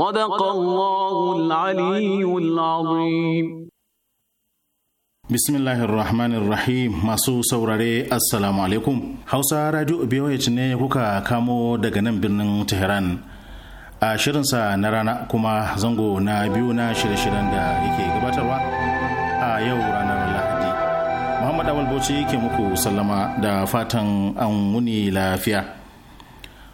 صدق الله العلي العظيم Bismillahirrahmanirrahim masu saurare Assalamu alaikum. Hausa Radio BOH ne kuka kamo daga nan birnin Tehran. A shirinsa na rana kuma zango na biyu na shirye-shiryen da yake gabatarwa a yau ranar Lahadi. Muhammad Awal Bauchi ke muku sallama da fatan an wuni lafiya.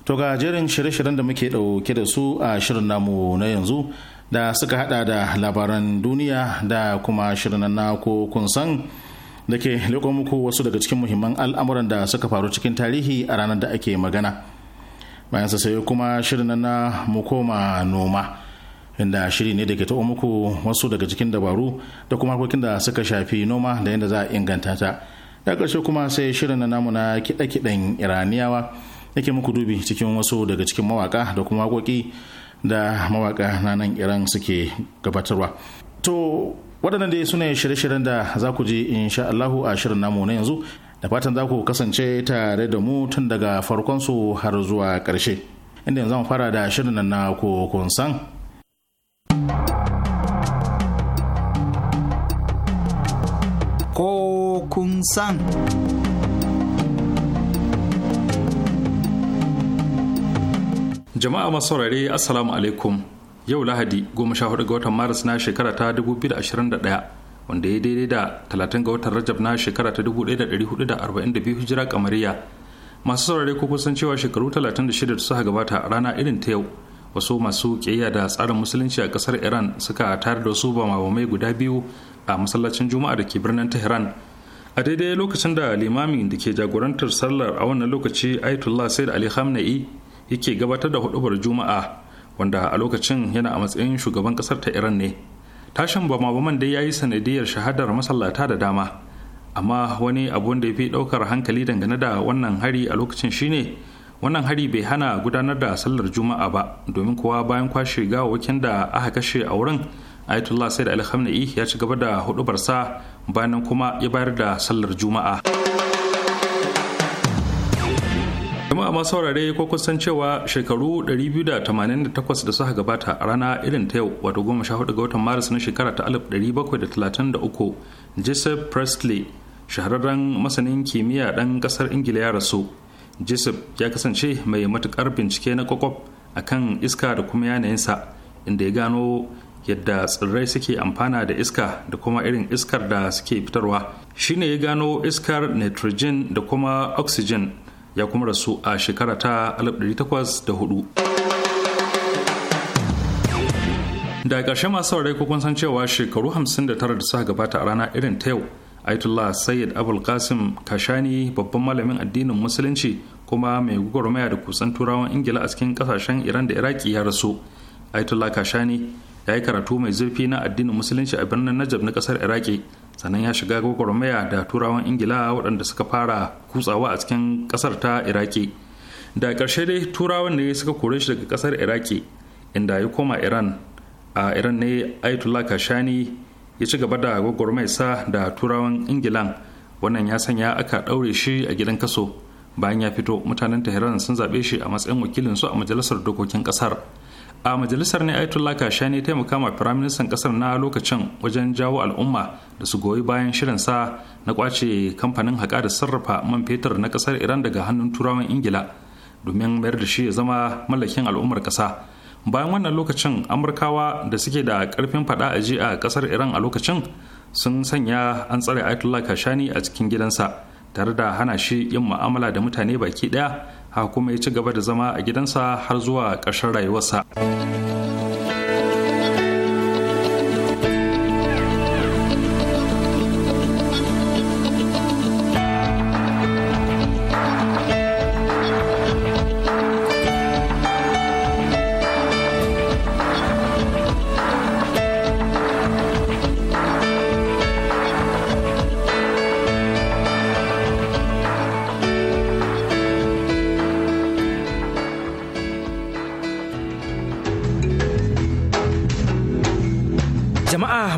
To ga jerin shirye-shiryen da muke ɗauke da su a shirin namu na yanzu da suka hada da labaran duniya da kuma shirin na ko kun san da ke leƙo muku wasu daga cikin muhimman al'amuran da suka faru cikin tarihi a ranar da ake magana. Bayan sai kuma shirin na mu koma noma inda shiri ne da ke taɓa muku wasu daga cikin dabaru da kuma harkokin da suka shafi noma da yadda za a inganta ta. Da ƙarshe kuma sai shirin na namu na kiɗe-kiɗen Iraniyawa yake muku dubi cikin wasu daga cikin mawaka da kuma waƙoƙi da mawaka na nan iran suke gabatarwa to waɗannan dai sune shirye-shiryen da za ku ji insha Allahu a shirin namu na yanzu da fatan za ku kasance tare da mu tun daga farkon su har zuwa ƙarshe inda yanzu fara da shirin nan na kokon san san jama'a masu saurare assalamu alaikum yau lahadi 14 ga watan maris na shekara ta 2021 wanda ya daidai da 30 ga watan rajab na shekara ta 1442 hijira kamariya masu saurare ko kusan cewa shekaru 36 da suka gabata a rana irin ta yau wasu masu kiyaya da tsarin musulunci a kasar iran suka tare da wasu bamabamai guda biyu a masallacin juma'a da ke birnin tehran a daidai lokacin da limamin da ke jagorantar sallar a wannan lokaci ayatollah said ali khamenei yake gabatar da hudubar juma'a wanda a lokacin yana a matsayin shugaban kasar ta iran ne tashin bama-baman dai ya yi sanadiyar shahadar masallata da dama amma wani abu da ya fi daukar hankali dangane da wannan hari a lokacin shine wannan hari bai hana gudanar da sallar juma'a ba domin kuwa bayan kwashe gawawakin da aka kashe a wurin ayatollah da al ya ci gaba da hudubarsa bayan kuma ya bayar da sallar juma'a jama'a masu saurare ko kusan cewa shekaru 288 da suka gabata a rana irin ta yau wato 14 ga watan maris na shekara ta 1733 joseph presley shahararren masanin kimiyya ɗan ƙasar ingila ya rasu joseph ya kasance mai matuƙar bincike na kwakwaf a kan iska da kuma yanayinsa inda ya gano yadda tsirrai suke amfana da iska da kuma irin iskar da suke fitarwa shine ya gano iskar nitrogen da kuma oxygen ya kuma rasu a shekara ta 1804 da ƙarshe masu saurari ko kun san cewa shekaru 59 da suka gabata a rana irin ta yau Aitullah Sayyid Abul Qasim Kashani babban malamin addinin musulunci kuma mai gwagwarmaya da kusan turawan Ingila a cikin kasashen Iran da Iraki ya rasu. Aitullah Kashani ya yi karatu mai zurfi na addinin musulunci a birnin najab na ƙasar Iraki sannan ya shiga gwagwarmaya da turawan ingila waɗanda suka fara kutsawa a cikin ƙasar ta iraki da ƙarshe dai turawan ne suka kore shi daga ƙasar iraki inda ya koma iran a iran ne ayatollah kashani ya ci gaba da sa da turawan ingilan wannan ya sanya aka ɗaure shi a gidan kaso bayan ya fito mutanen tehran sun zaɓe shi a matsayin wakilin su a majalisar dokokin ƙasar a majalisar ne ayatollah kashani taimaka ma firaministan kasar na lokacin wajen jawo al'umma da su goyi bayan shirin sa na kwace kamfanin haƙa da sarrafa man fetur na kasar iran daga hannun turawan ingila domin mayar da shi ya zama mallakin al'ummar ƙasa bayan wannan lokacin amurkawa da suke da karfin faɗa a ji a kasar iran a lokacin sun sanya an tsare ayatollah kashani a cikin gidansa tare da hana shi yin mu'amala da mutane baki ɗaya kuma ya ci gaba da zama a gidansa har zuwa ƙarshen rayuwarsa.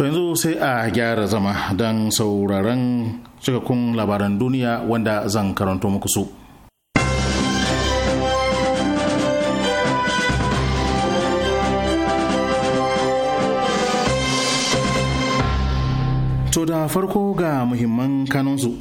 to yanzu sai a gyara zama don sauraron cikakkun labaran duniya wanda zan karanto muku su to da farko ga muhimman kanunsu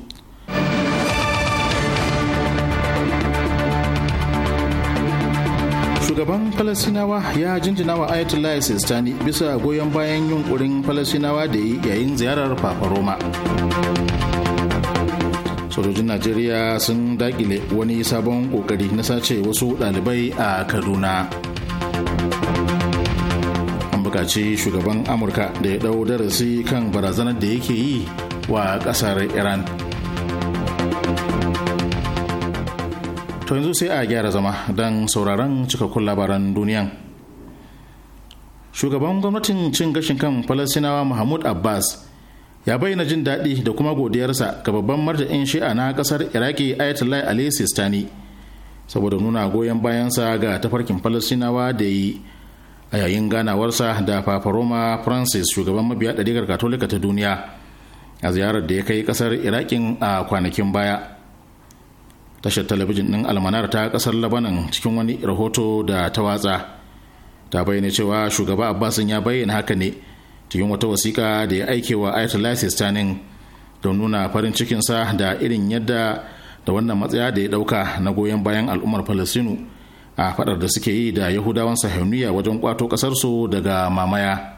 shugaban falasinawa ya jinjina wa ayatollah sistani bisa goyon bayan yunkurin falasinawa da yi yayin ziyarar papa roma sojojin najeriya sun dakile wani sabon kokari na sace wasu dalibai a kaduna an bukaci shugaban amurka da ya dau darasi kan barazanar da yake yi wa kasar iran to yanzu sai a gyara zama don sauraron cikakkun labaran duniyan shugaban gwamnatin cin gashin kan falasinawa mahmud abbas ya bayyana jin daɗi da kuma godiyarsa ga babban marta'in shi'a na ƙasar iraki ayatollah ali sistani saboda nuna goyon bayansa ga tafarkin falasinawa da yi a yayin ganawarsa da paparoma francis shugaban mabiya ɗarigar katolika ta duniya a ziyarar da ya kai ƙasar irakin a kwanakin baya tashar talabijin ɗin almanar ta ƙasar labanan cikin wani rahoto da ta watsa ta bayyana cewa shugaba abbasin ya bayyana haka ne cikin wata wasiƙa da ya aike wa ta nin don nuna farin cikinsa da irin yadda da wannan matsaya da ya ɗauka na goyon bayan al'ummar falastinu a faɗar da suke yi da yahudawan sahiyoniya wajen kwato ƙasarsu daga mamaya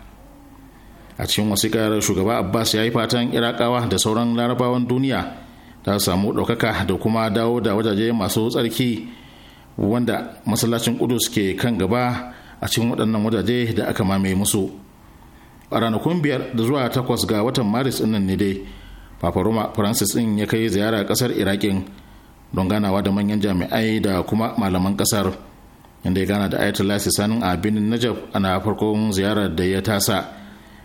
a cikin wasiƙar shugaba abbas ya yi fatan irakawa da sauran larabawan duniya ta samu ɗaukaka da kuma dawo da wajaje masu tsarki wanda masallacin kudus ke kan gaba a cikin waɗannan wajaje da aka mame musu a ranakun biyar da zuwa takwas ga watan maris ɗinnan ne dai papa roma francis ɗin ya kai ziyara ƙasar iraƙin don ganawa da manyan jami'ai da kuma malaman ƙasar inda ya gana da ayatollah sisanin a binin najaf ana farkon ziyarar da ya tasa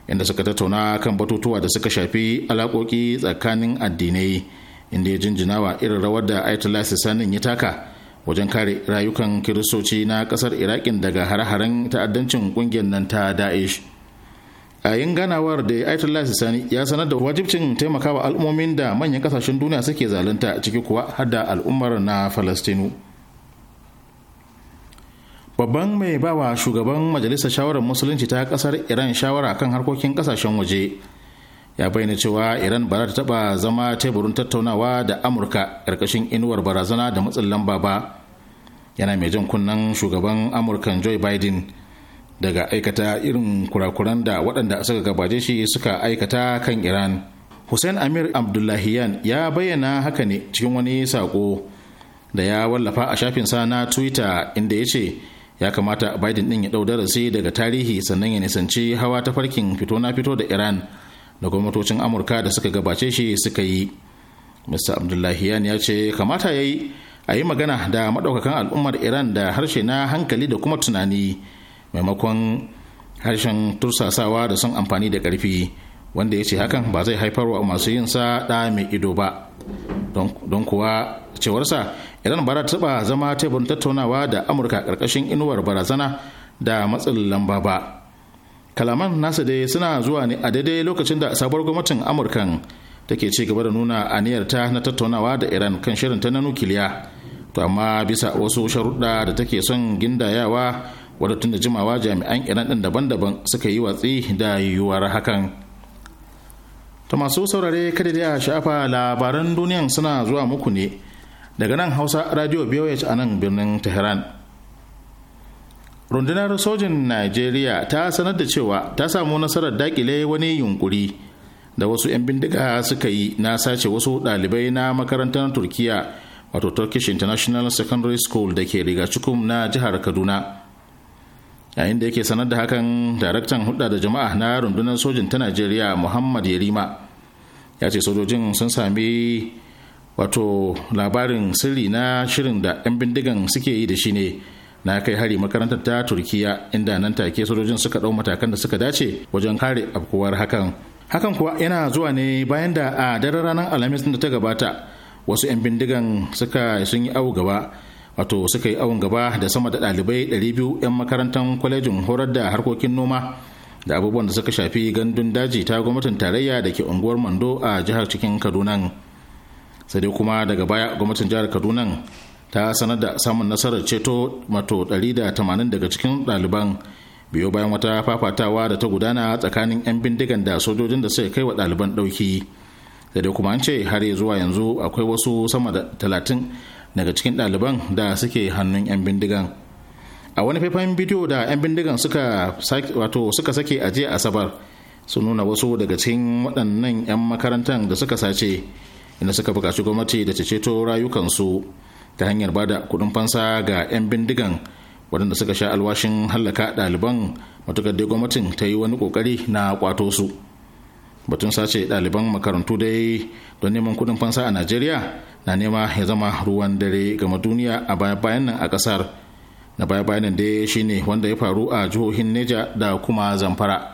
inda suka tattauna kan batutuwa da suka shafi alaƙoƙi tsakanin addinai inda ya jinjina wa irin rawar da ayatollah sanin ya taka wajen kare rayukan kiristoci na kasar irakin daga hare-haren ta'addancin kungiyar nan ta da'ish. a yin ganawar da ayatollah sani ya sanar da wajibcin taimakawa al'ummomin da manyan kasashen duniya suke zalunta ciki kuwa har da al'ummar na falastinu babban mai bawa shugaban majalisar shawarar musulunci ta kasar iran shawara kan harkokin kasashen waje ya bayyana cewa iran ba za ta taba zama teburin tattaunawa da amurka ƙarƙashin inuwar barazana da matsin lamba ba yana mai jan kunnan shugaban amurkan joe biden daga aikata irin kurakuran da waɗanda suka gabaje shi suka aikata kan iran hussein amir abdullahiyan ya bayyana haka ne cikin wani sako da ya wallafa a shafin sa na twitter inda ya ce ya kamata biden ɗin ya ɗau darasi daga tarihi sannan ya nisanci hawa ta farkin fito na fito da iran da gwamnatocin amurka da suka gabace shi suka yi mr abdullahiyan ya ce kamata ya yi a yi magana da maɗaukakan al'ummar iran da harshe na hankali da kuma tunani maimakon harshen tursasawa da sun amfani da ƙarfi wanda ya ce hakan ba zai haifar wa masu yin sa ɗa mai ido ba don kuwa cewarsa iran ba ta zama teburin tattaunawa da amurka ƙarƙashin inuwar barazana da matsin lamba ba kalaman nasa dai suna zuwa ne a daidai lokacin da sabuwar gwamnatin amurkan take ci gaba da nuna ta na tattaunawa da iran kan shirin ta na nukiliya to amma bisa wasu sharuɗa da take son gindayawa wadda tun da jimawa jami'an iran ɗin daban-daban suka yi watsi da yiwuwar hakan ta masu saurare kada da shafa labaran duniyan suna zuwa muku ne daga nan hausa radio bih a nan birnin tehran rundunar sojin najeriya ta sanar da cewa ta samu nasarar dakile wani yunkuri da wasu 'yan bindiga suka yi na sace wasu ɗalibai na makarantar turkiya wato turkish international secondary school da ke riga cikin na jihar kaduna yayin da yake sanar da hakan daraktan hudda da jama'a na rundunar sojin ta najeriya muhammad yarima ya ce sojojin sun sami wato labarin sirri na shirin da 'yan bindigan suke yi da shi ne na kai hari makarantar ta turkiya inda nan take sojojin suka dau matakan da suka dace wajen kare afkuwar hakan hakan kuwa yana zuwa ne bayan da a daren ranar alhamis da ta gabata wasu 'yan bindigan suka sun yi awu gaba wato suka yi awun gaba da sama da ɗalibai 200 'yan makarantar kwalejin horar da harkokin noma da abubuwan da suka shafi gandun daji ta gwamnatin tarayya da ke unguwar mando a jihar cikin kaduna sai dai kuma daga baya gwamnatin jihar kaduna ta sanar da samun nasarar ceto mato 180 daga cikin ɗaliban biyo bayan wata fafatawa da ta gudana tsakanin 'yan bindigan da sojojin da suka kai wa ɗaliban ɗauki da dai kuma an ce har zuwa yanzu akwai wasu sama da 30 daga cikin ɗaliban da suke hannun 'yan bindigan a wani faifan bidiyo da 'yan bindigan suka sake a asabar sun nuna wasu daga cikin waɗannan 'yan makarantar da suka sace inda suka buƙaci gwamnati da ta ceto rayukansu ta hanyar ba da kuɗin fansa ga 'yan bindigan waɗanda suka sha alwashin hallaka ɗaliban matukar dai gwamnatin ta yi wani ƙoƙari na kwato su batun sace ɗaliban makarantu dai don neman kuɗin fansa a najeriya na nema ya zama ruwan dare gama duniya a baya-bayan nan a ƙasar na baya-bayan nan dai shine wanda ya faru a jihohin neja da kuma zamfara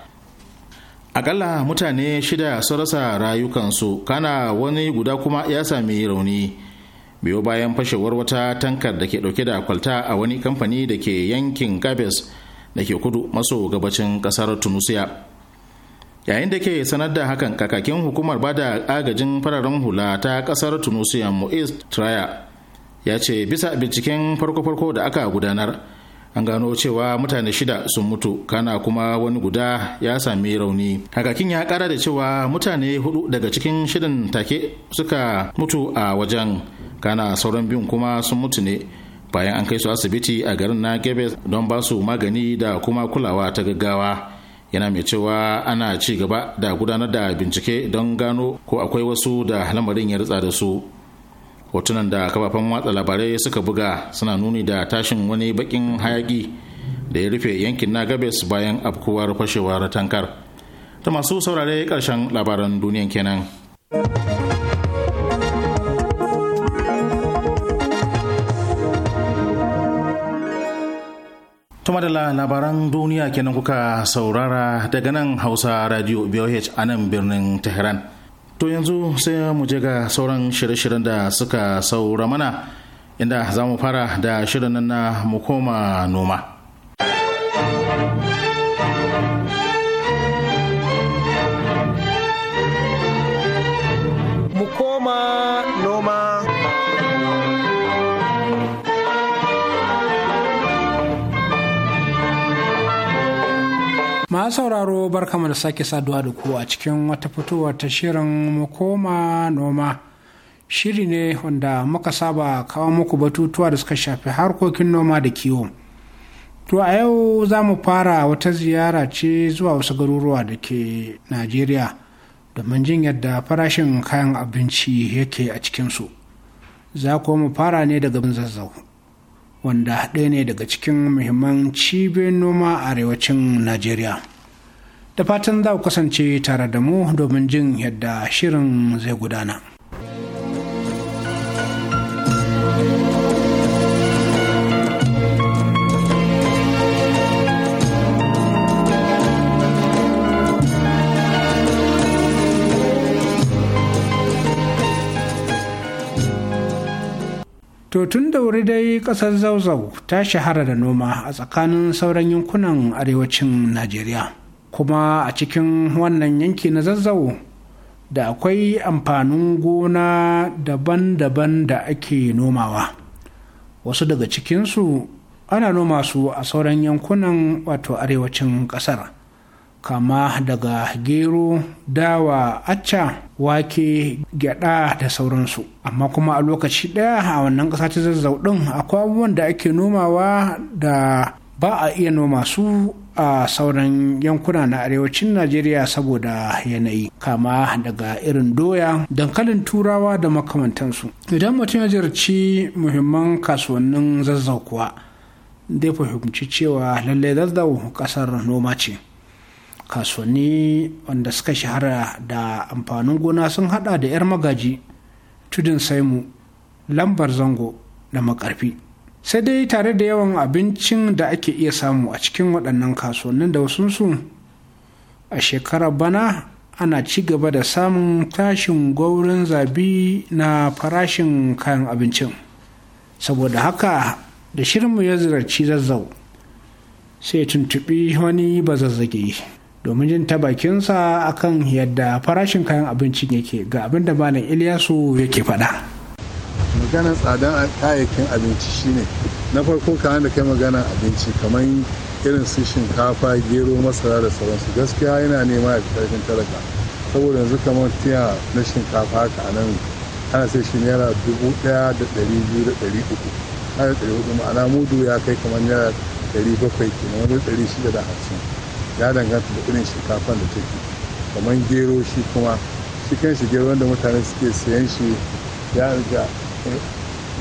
akalla mutane shida sun rasa rayukansu kana wani guda kuma ya sami rauni biyo bayan fashewar wata tankar da ke dauke da kwalta a wani kamfani da ke yankin gabes da ke kudu maso gabacin kasar tunisia yayin da ke sanar da hakan kakakin hukumar bada agajin fararen hula ta kasar tunisia moise traya ya ce bisa binciken farko-farko da aka gudanar an gano cewa mutane shida sun mutu kana kuma wani guda ya sami rauni hakakin ya kara da cewa mutane hudu daga cikin shirin take suka mutu a wajen kana sauran biyun kuma sun mutu ne bayan an kai su asibiti a garin na gebe don ba su magani da kuma kulawa ta gaggawa yana mai cewa ana ci gaba da gudanar da bincike don gano ko akwai wasu da lamarin ya ritsa da su hotunan da kafafen watsa labarai suka buga suna nuni da tashin wani bakin hayaki da ya rufe yankin na gabes bayan afkuwar fashewar tankar ta masu saurare karshen labaran duniyan kenan tuma da labaran duniya kenan kuka saurara daga nan hausa radio bioh a nan birnin tehran to yanzu sai mu je ga sauran shirye-shiryen da suka saura mana inda za mu fara da shirin na mu koma noma masu sauraro barkamu da sake saduwa da ku a cikin wata fitowa ta shirin makoma noma shiri ne wanda muka saba kawo muku batutuwa da suka shafi harkokin noma da kiwo to a yau za mu fara wata ziyara ce zuwa wasu garuruwa da ke najeriya domin jin yadda farashin kayan abinci yake a cikinsu za ku mu fara ne daga zazzau wanda ɗaya ne daga cikin muhimman cibiyar noma a arewacin najeriya da fatan za ku kasance tare da mu domin jin yadda shirin zai gudana. To tun da wuri dai ƙasar zauzau ta shahara da noma a tsakanin sauran yankunan arewacin Najeriya. kuma a cikin wannan yanki na zazzau da akwai amfanin gona daban-daban da ake nomawa wasu daga cikinsu ana noma su a sauran yankunan wato arewacin ƙasar kama daga gero dawa acca wake gyada da sauransu amma kuma a lokaci ɗaya a wannan ƙasa ta zazzau ɗin akwai abubuwan da ake nomawa da ba a iya noma su a sauran yankuna na arewacin najeriya saboda yanayi kama daga irin doya dankalin turawa da makamantansu idan mutum ya jirci muhimman kasuwannin zazzau kuwa zai fahimci cewa lallai zazzau kasar noma ce kasuwanni wanda suka shahara da amfanin gona sun hada da 'yar magaji tudun saimu lambar zango da makarfi sai dai tare da yawan abincin da ake iya samu a cikin waɗannan kasuwannin da wasunsu a shekarar bana ana ci gaba da samun tashin gwaurin zabi na farashin kayan abincin saboda haka da shirinmu ya ziyarci zazzau sai tuntuɓi wani bazazzage domin jin ta bakinsa akan yadda farashin kayan abincin yake ga abin da malam iliyasu yake faɗa. maganar tsadar kayayyakin abinci shine na farko kayan da kai magana abinci kamar irin su shinkafa gero masara da sauransu gaskiya yana nema ya fi karfin talaka saboda yanzu kamar tiya na shinkafa haka a nan ana sai shi naira dubu daya da dari biyu da dari uku har da dari hudu ma'ana mudu ya kai kamar naira dari bakwai kenan wani dari shida da hamsin ya danganta da irin shinkafan da take kamar gero shi kuma shi kan shi gero wanda mutane suke sayan shi ya riga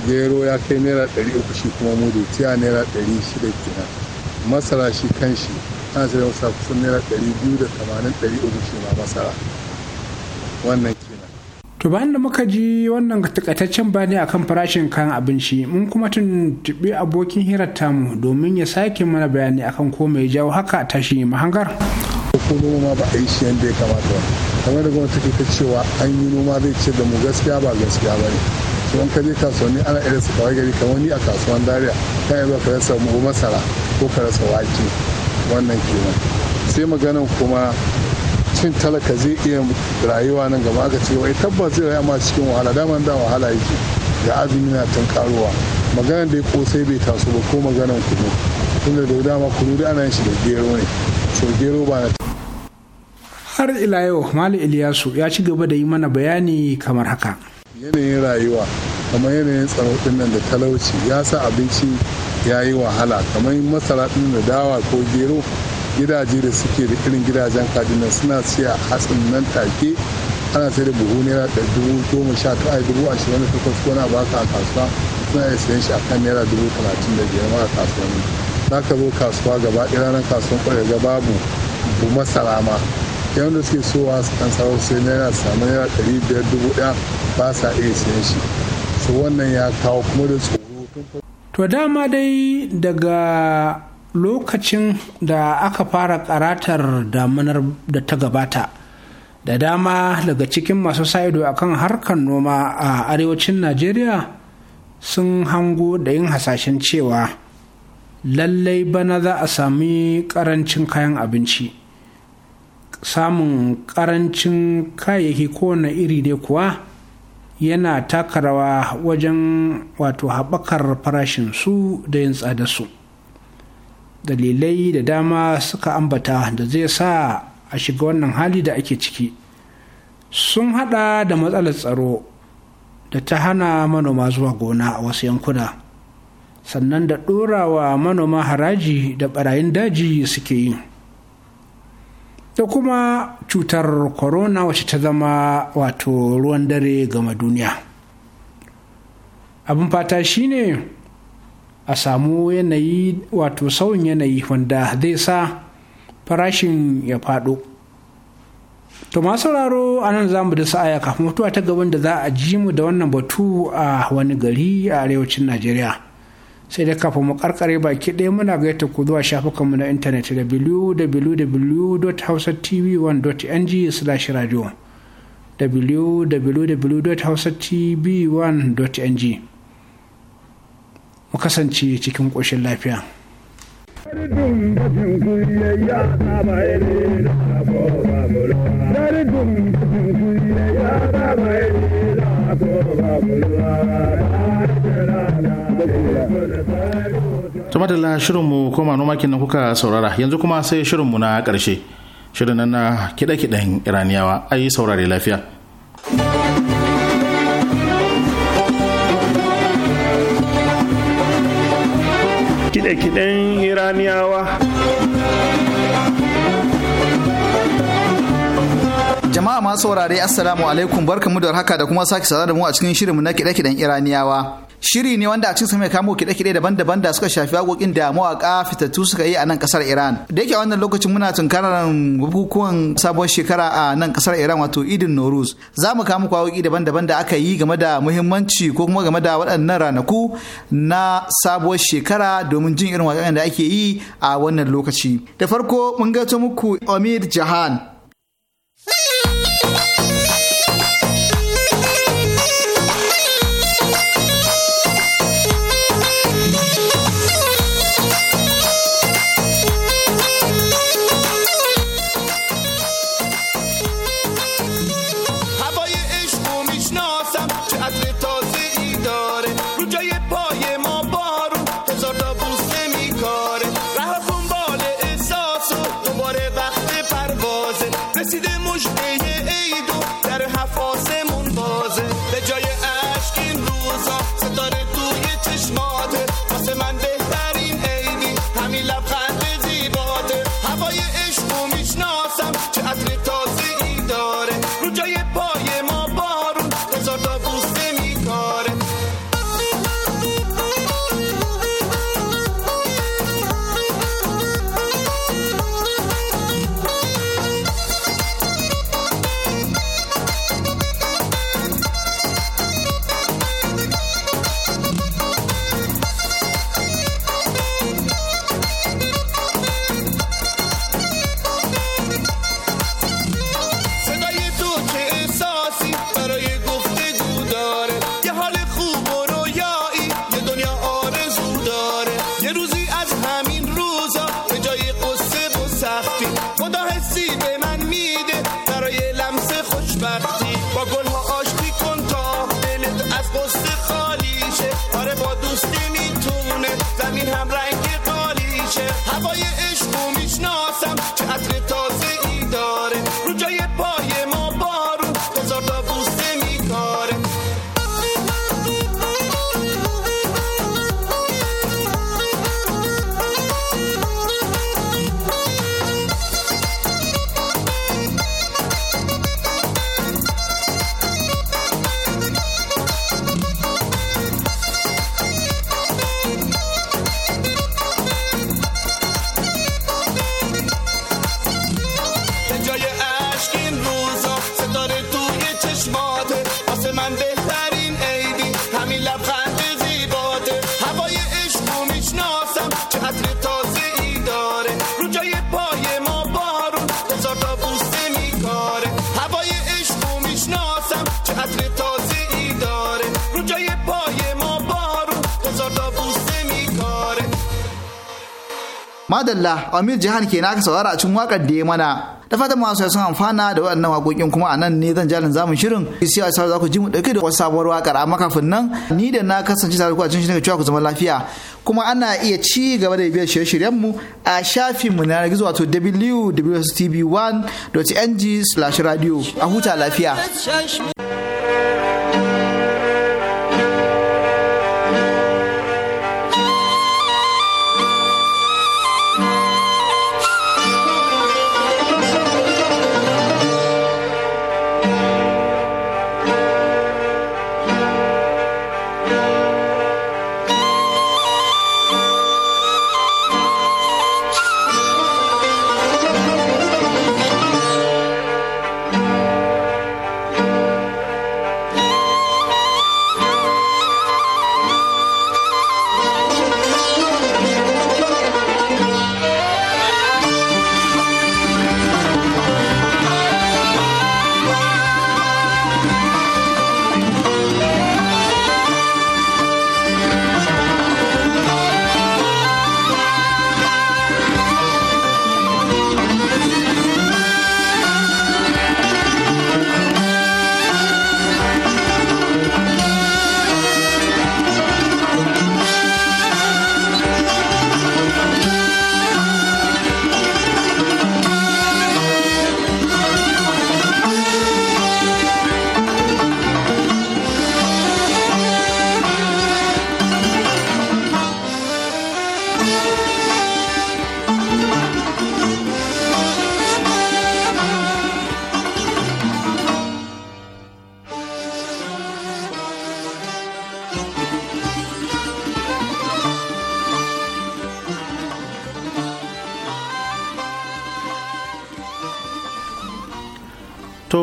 gero ya kai naira ɗari uku shi kuma mudu tiya naira ɗari shida kenan masara shi kan shi ana sayar masa kusan naira ɗari biyu da tamanin ɗari uku shi ma masara wannan kenan. to bayan da muka ji wannan takaitaccen bayani akan farashin kayan abinci mun kuma tuntuɓi abokin hirar tamu domin ya sake mana bayani akan ko mai jawo haka tashi mahangar. ko noma ba a yi shi yadda ya kamata ba kamar da gwamnati ke ta cewa an yi noma zai ce da mu gaskiya ba gaskiya ba ne ka kaje kasuwanni ana irin su kawai gari kamar ni a kasuwan dariya kan yanzu ka rasa mu masara ko ka rasa wake wannan kenan sai maganan kuma cin talaka zai iya rayuwa nan gaba aka ce wai tabbas zai rayu ma cikin wahala daman da wahala yake ga azumi na tun karuwa maganan da ya kosai bai taso ba ko maganan kuma tunda da dama kudu da ana shi da gero ne so gero ba na har ila yau mali iliyasu ya ci gaba da yi mana bayani kamar haka yanayin rayuwa kamar yanayin tsaro din nan da talauci ya sa abinci ya yi wahala kamar masara ɗin da dawa ko gero gidaje da suke da irin gidajen kaduna suna siya hatsin nan take ana sai da buhu naira da dubu goma sha ta ai dubu ashirin da takwas ko na baka a kasuwa suna iya siyan shi akan naira dubu talatin da biyar ma a ne za ka zo kasuwa gaba ɗaya ranar kasuwan ga babu bu masara ma yawan da suke sowa su kan sarau sai naira samu naira ɗari biyar dubu ɗaya ba sa iya siyan shi su wannan ya kawo kuma da tsoro to dama dai daga lokacin da aka fara karatar damunar da ta gabata da dama daga cikin masu sa'ido kan harkar noma a arewacin najeriya sun hango da yin hasashen cewa lallai bana za a sami karancin kayan abinci samun karancin kayayyaki kowane iri dai kuwa yana taka rawa wajen wato haɓakar farashin su da yin tsada su, dalilai da dama suka ambata da zai sa a shiga wannan hali da ake ciki sun hada da matsalar tsaro da ta hana manoma zuwa gona a wasu yankuna sannan da ɗorawa manoma haraji da ɓarayin daji suke yi da kuma cutar corona wacce ta zama wato ruwan dare gama duniya abin fata shine a samu yanayi wato sauyin yanayi wanda zai sa farashin ya faɗo to masu sauraro a nan za mu da sa'aya kafin mutuwa ta gaban da za a ji mu da wannan batu a wani gari a arewacin najeriya sai da kafin mu karkare baki ɗaya muna gaita ku zuwa shafukan mu na intanet www.hausatv1.ng slash radio www.hausatv1.ng mu kasance cikin ƙoshin lafiya. Dari dum ya tumatala shirinmu koma noma kinan kuka saurara yanzu kuma sai shirinmu na ƙarshe shirin nan na kiɗe-kiɗen iraniyawa a yi saurare lafiya kiɗe-kiɗen iraniyawa jama'a masu saurare assalamu alaikum barkamu da haka da kuma sake sada da mu a cikin shirinmu na kiɗe-kiɗen iraniyawa shiri ne wanda a cikin mai kamo kide-kide daban-daban da suka shafi haƙoƙin da mawaƙa fitattu suka yi a nan ƙasar Iran. Da yake wannan lokacin muna tunkarar bukukuwan sabon shekara a nan ƙasar Iran wato Idin Noruz. Za mu kamo kwaoki daban-daban da aka yi game da muhimmanci ko kuma game da waɗannan ranaku na sabuwar shekara domin jin irin waƙoƙin da ake yi a wannan lokaci. Da farko mun gato muku Omid Jahan madalla amir jihan ke naka saurara a cikin wakar da ya mana da fatan masu sun amfana da waɗannan waƙoƙin kuma a nan ne zan jalin zamun shirin sai a za ku ji mu ɗauke da wasu sabuwar waƙar amma kafin nan ni da na kasance tare ku a cikin shirin cewa ku zama lafiya kuma ana iya ci gaba da biyan shirye-shiryen mu a shafin mu na gizo wato www.tv1.ng/radio a huta lafiya.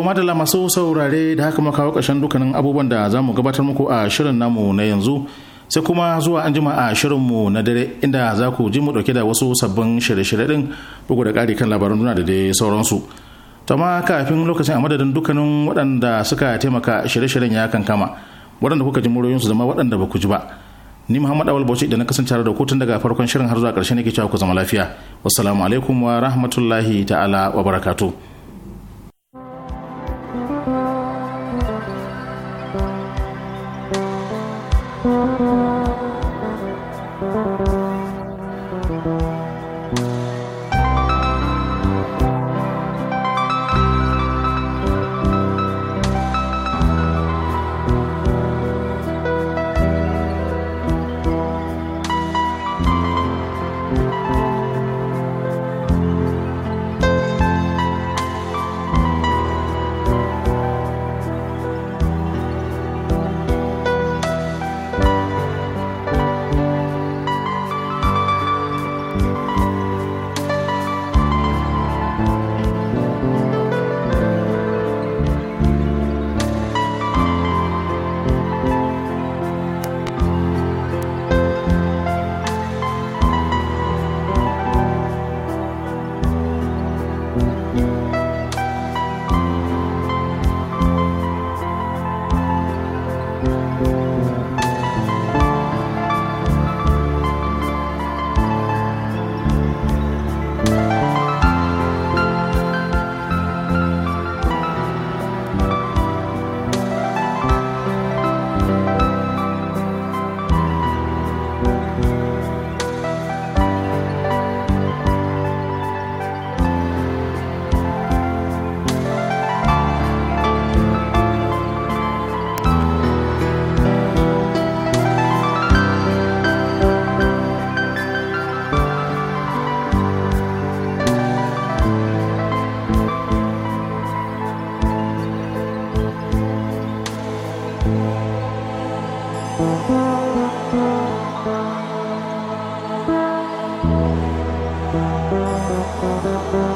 madalla masu saurare da haka maka kawo ƙarshen dukkanin abubuwan da za mu gabatar muku a shirin namu na yanzu sai kuma zuwa an jima a shirinmu na dare inda za ku ji mu dauke da wasu sabbin shirye-shirye din bugu da ƙari kan labaran duna da dai sauransu ta ma kafin lokacin a madadin dukkanin waɗanda suka taimaka shirye-shiryen ya kankama waɗanda kuka ji muryoyinsu zama waɗanda ba ku ji ba ni muhammad awal bauchi da na kasance da ku tun daga farkon shirin har zuwa ƙarshe ke cewa ku zama lafiya wassalamu alaikum wa rahmatullahi ta'ala wa barakatuh Thank you.